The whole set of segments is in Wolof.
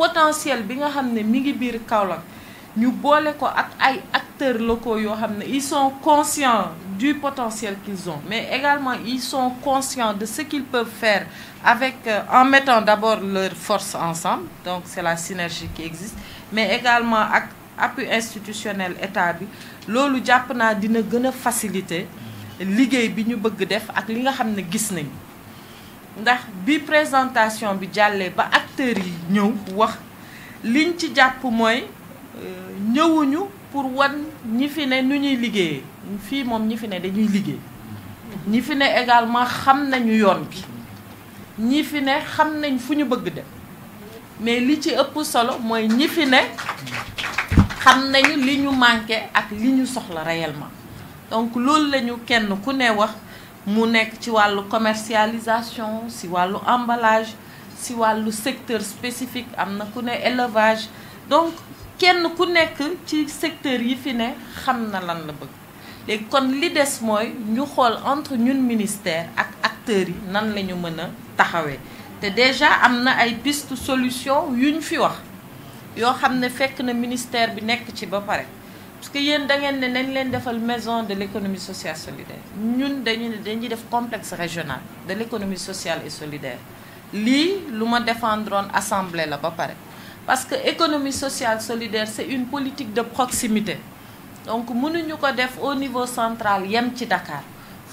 potentiel bi nga xam mi ngi ñu acteurs locaux ils sont conscients du potentiel qu'ils ont mais également ils sont conscients de ce qu'ils peuvent faire avec euh, en mettant d'abord leurs forces ensemble donc c'est la synergie qui existe mais également ak appui institutionnel établi, bi loolu jàpp a faciliter liggéey bi ñu bëgg def ak li nga ndax bi présentation bi jàllee ba acteurs yi ñëw wax liñ ci jàpp mooy euh, ñëwuñu pour wan ñi fi ne nu ñuy liggéeyee fii moom ñi fi ne dañuy liggéey ñi fi ne également xam nañu yoon bi ñi fi ne xam nañ fu ñu bëgg dem mais li ci ëpp solo mooy ñi fi ne xam nañu li ñu manqué ak li ñu soxla réellement donc loolu lañu kenn ku ne wax mu nekk ci wàllu commercialisation si wàllu emballage si le secteur spécifique amna ku ne élevage donc kenn ku que ci secteur yi fi ne xam lan la bëgg léegi kon li des mooy ñu xool entre ñun ministère ak acteurs yi nan le ñu mën Té déjà amna ay piste solution une fois, fi wax yoo xam ne fekk na ministère bi nekk ci ba parce que nous da une maison de l'économie sociale solidaire Nous, avons un complexe régional de l'économie sociale et solidaire nous je défendre assemblée là ba parce que l'économie sociale solidaire c'est une politique de proximité donc mënuñu ko faire au niveau central yem Dakar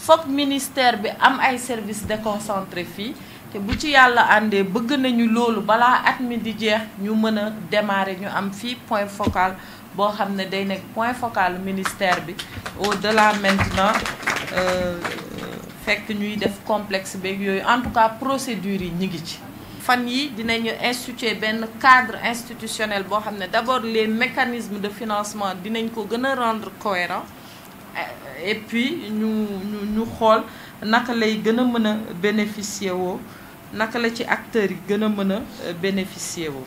foog ministère bi am ay service déconcentré fii te bu ci yàlla àndee bëgg nañu loolu balaa at mi di jeex ñu mën a démarrer ñu am fii point focal boo xam ne day nekk point focale ministère bi au-delà maintenant euh, fekk ñuy def complexe beeg yooyu en tout cas procédure yi ñu ngi ci fan yi dinañu instituer benn cadre institutionnel boo xam ne d'abord leen mécanismes de financement dinañ ko gën a rendre cohérent et puis ñu ñu xool naka lay gën a mën a bénéficier woo naka la ci acteurs yi gën a mën a euh, bénéficier woo